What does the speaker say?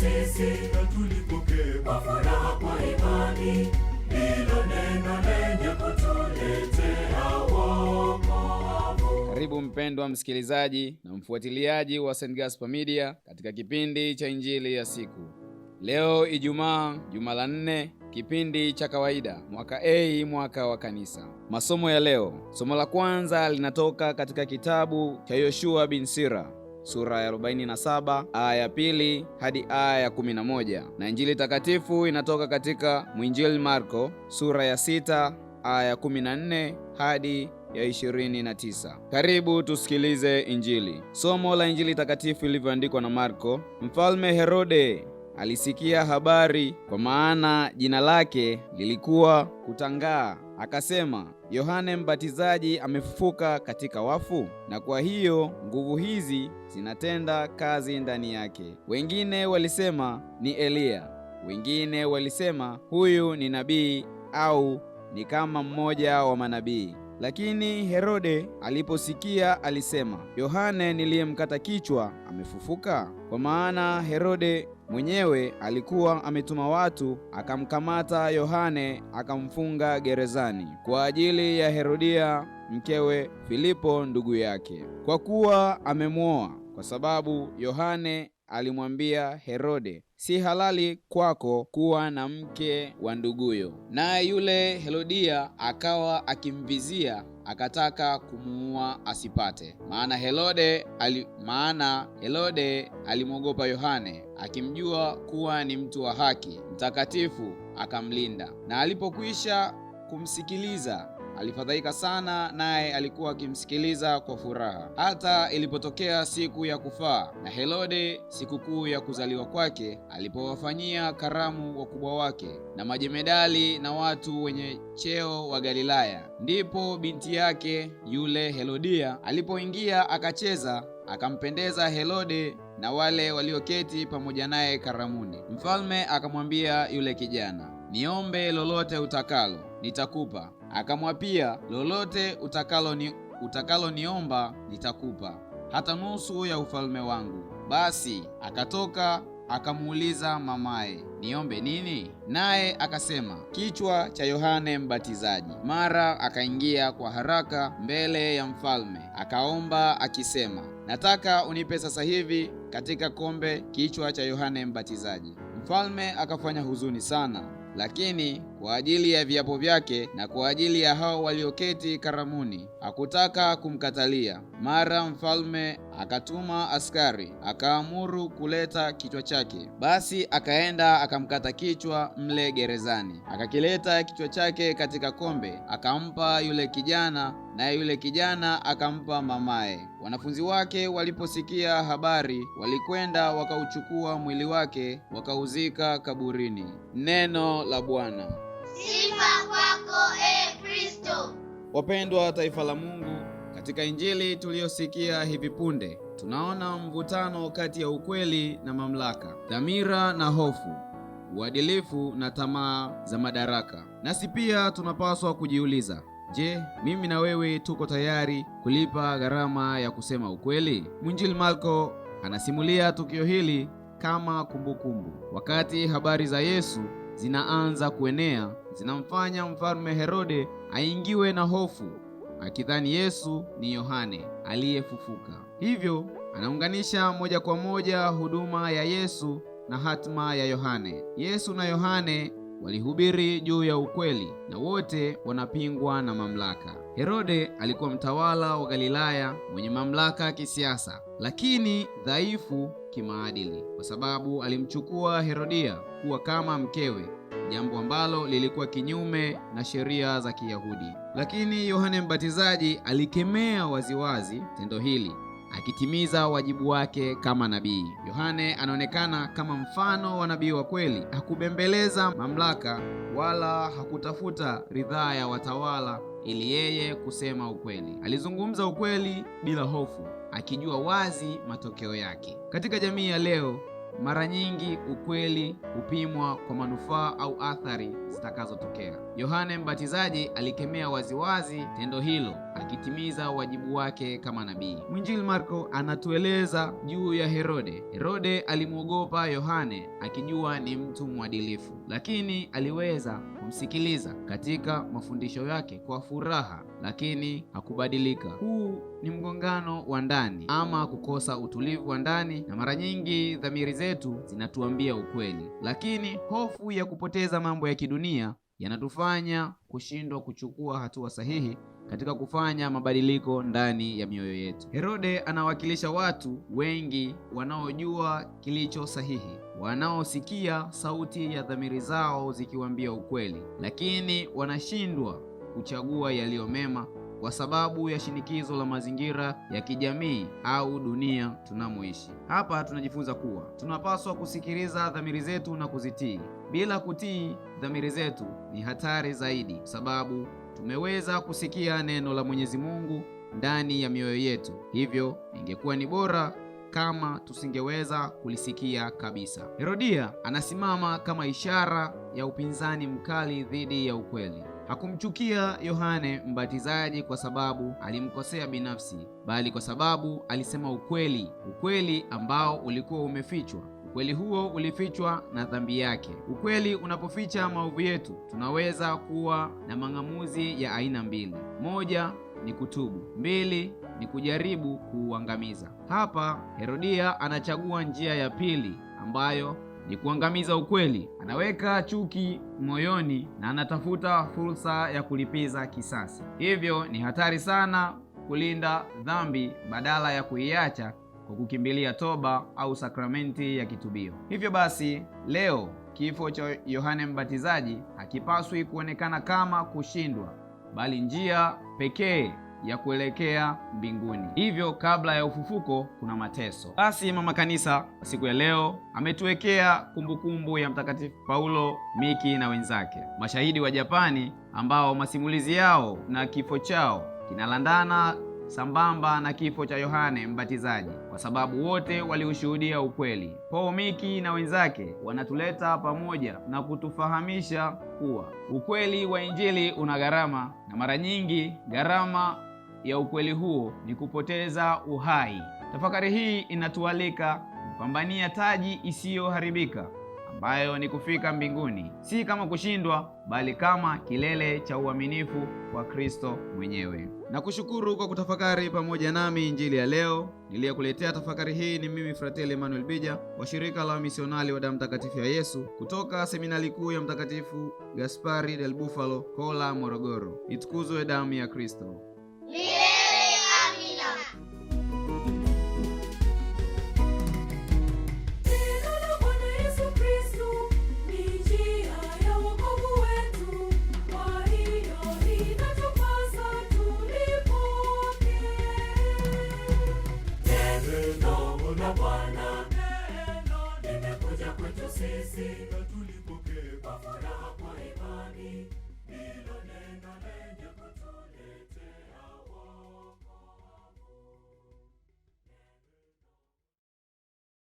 sisi na tulipokee kwa furaha kwa imani hilo neno lenye kutuletea wokovu. Karibu mpendwa msikilizaji na mfuatiliaji wa St. Gaspar Media katika kipindi cha Injili ya siku. Leo Ijumaa, juma la nne kipindi cha kawaida mwaka A, mwaka wa kanisa. Masomo ya leo, somo la kwanza linatoka katika kitabu cha Yoshua bin Sira sura ya 47 aya ya pili hadi aya ya 11, na Injili takatifu inatoka katika mwinjili Marko sura ya 6 aya ya 14 hadi ya 29. Karibu tusikilize Injili. Somo la Injili takatifu ilivyoandikwa na Marko. Mfalme Herode alisikia habari, kwa maana jina lake lilikuwa kutangaa, akasema, Yohane Mbatizaji amefufuka katika wafu, na kwa hiyo nguvu hizi zinatenda kazi ndani yake. Wengine walisema ni Eliya, wengine walisema huyu ni nabii au ni kama mmoja wa manabii. Lakini Herode aliposikia alisema, Yohane niliyemkata kichwa amefufuka. Kwa maana Herode Mwenyewe alikuwa ametuma watu akamkamata Yohane akamfunga gerezani kwa ajili ya Herodia mkewe Filipo ndugu yake, kwa kuwa amemwoa, kwa sababu Yohane alimwambia Herode, si halali kwako kuwa na mke wa nduguyo. Naye yule Herodia akawa akimvizia akataka kumuua asipate, maana Herode ali, maana Herode alimwogopa Yohane akimjua kuwa ni mtu wa haki mtakatifu, akamlinda. Na alipokwisha kumsikiliza Alifadhaika sana, naye alikuwa akimsikiliza kwa furaha. Hata ilipotokea siku ya kufaa na Herode, sikukuu ya kuzaliwa kwake, alipowafanyia karamu wakubwa wake na majemedali na watu wenye cheo wa Galilaya, ndipo binti yake yule Herodia alipoingia akacheza akampendeza Herode na wale walioketi pamoja naye karamuni. Mfalme akamwambia yule kijana, niombe lolote utakalo nitakupa. Akamwapia, lolote utakaloni utakaloniomba nitakupa, hata nusu ya ufalme wangu. Basi akatoka akamuuliza mamaye, niombe nini? Naye akasema, kichwa cha Yohane Mbatizaji. Mara akaingia kwa haraka mbele ya mfalme, akaomba akisema, nataka unipe sasa hivi katika kombe kichwa cha Yohane Mbatizaji. Mfalme akafanya huzuni sana lakini kwa ajili ya viapo vyake na kwa ajili ya hao walioketi karamuni hakutaka kumkatalia. Mara mfalme akatuma askari akaamuru kuleta kichwa chake. Basi akaenda akamkata kichwa mle gerezani, akakileta kichwa chake katika kombe, akampa yule kijana, naye yule kijana akampa mamaye. Wanafunzi wake waliposikia habari, walikwenda wakauchukua mwili wake wakauzika kaburini. Neno la Bwana. Sifa kwako, eh, Kristo. Wapendwa taifa la Mungu katika Injili tuliyosikia hivi punde, tunaona mvutano kati ya ukweli na mamlaka, dhamira na hofu, uadilifu na tamaa za madaraka. Nasi pia tunapaswa kujiuliza, je, mimi na wewe tuko tayari kulipa gharama ya kusema ukweli? Mwinjili Marko anasimulia tukio hili kama kumbukumbu kumbu. Wakati habari za Yesu zinaanza kuenea, zinamfanya Mfalme Herode aingiwe na hofu akidhani Yesu ni Yohane aliyefufuka. Hivyo anaunganisha moja kwa moja huduma ya Yesu na hatima ya Yohane. Yesu na Yohane walihubiri juu ya ukweli na wote wanapingwa na mamlaka. Herode alikuwa mtawala wa Galilaya mwenye mamlaka ya kisiasa, lakini dhaifu kimaadili, kwa sababu alimchukua Herodia kuwa kama mkewe jambo ambalo lilikuwa kinyume na sheria za Kiyahudi. Lakini Yohane Mbatizaji alikemea waziwazi tendo hili akitimiza wajibu wake kama nabii. Yohane anaonekana kama mfano wa nabii wa kweli. Hakubembeleza mamlaka wala hakutafuta ridhaa ya watawala ili yeye kusema ukweli. Alizungumza ukweli bila hofu, akijua wazi matokeo yake. Katika jamii ya leo mara nyingi ukweli hupimwa kwa manufaa au athari zitakazotokea. Yohane Mbatizaji alikemea waziwazi tendo hilo, akitimiza wajibu wake kama nabii. Mwinjili Marko anatueleza juu ya Herode. Herode alimwogopa Yohane, akijua ni mtu mwadilifu, lakini aliweza kumsikiliza katika mafundisho yake kwa furaha, lakini hakubadilika. Huu ni mgongano wa ndani ama kukosa utulivu wa ndani, na mara nyingi dhamiri zetu zinatuambia ukweli, lakini hofu ya kupoteza mambo ya kidunia yanatufanya kushindwa kuchukua hatua sahihi katika kufanya mabadiliko ndani ya mioyo yetu. Herode anawakilisha watu wengi wanaojua kilicho sahihi, wanaosikia sauti ya dhamiri zao zikiwaambia ukweli, lakini wanashindwa kuchagua yaliyo mema kwa sababu ya shinikizo la mazingira ya kijamii au dunia tunamoishi. Hapa tunajifunza kuwa tunapaswa kusikiliza dhamiri zetu na kuzitii. Bila kutii dhamiri zetu ni hatari zaidi, sababu tumeweza kusikia neno la Mwenyezi Mungu ndani ya mioyo yetu, hivyo ingekuwa ni bora kama tusingeweza kulisikia kabisa. Herodia anasimama kama ishara ya upinzani mkali dhidi ya ukweli. Hakumchukia Yohane Mbatizaji kwa sababu alimkosea binafsi, bali kwa sababu alisema ukweli, ukweli ambao ulikuwa umefichwa ukweli huo ulifichwa na dhambi yake. Ukweli unapoficha maovu yetu, tunaweza kuwa na mang'amuzi ya aina mbili: moja ni kutubu, mbili ni kujaribu kuuangamiza. Hapa Herodia anachagua njia ya pili ambayo ni kuangamiza ukweli. Anaweka chuki moyoni na anatafuta fursa ya kulipiza kisasi. Hivyo ni hatari sana kulinda dhambi badala ya kuiacha kwa kukimbilia toba au sakramenti ya kitubio. Hivyo basi, leo kifo cha Yohane Mbatizaji hakipaswi kuonekana kama kushindwa, bali njia pekee ya kuelekea mbinguni. Hivyo kabla ya ufufuko kuna mateso. Basi mama kanisa siku ya leo ametuwekea kumbukumbu ya Mtakatifu Paulo Miki na wenzake, mashahidi wa Japani ambao masimulizi yao na kifo chao kinalandana sambamba na kifo cha Yohane Mbatizaji, kwa sababu wote waliushuhudia ukweli. Paul Miki na wenzake wanatuleta pamoja na kutufahamisha kuwa ukweli wa Injili una gharama, na mara nyingi gharama ya ukweli huo ni kupoteza uhai. Tafakari hii inatualika kupambania taji isiyoharibika ambayo ni kufika mbinguni, si kama kushindwa, bali kama kilele cha uaminifu wa Kristo mwenyewe. Nakushukuru kwa kutafakari pamoja nami injili ya leo. Niliyekuletea tafakari hii ni mimi Frateli Emmanuel Bija wa shirika la wamisionali wa damu takatifu ya Yesu kutoka seminari kuu ya Mtakatifu Gaspari del Bufalo, Kola, Morogoro. Itukuzwe damu ya Kristo! mwa Bwana, neno limekuja kwetu sisi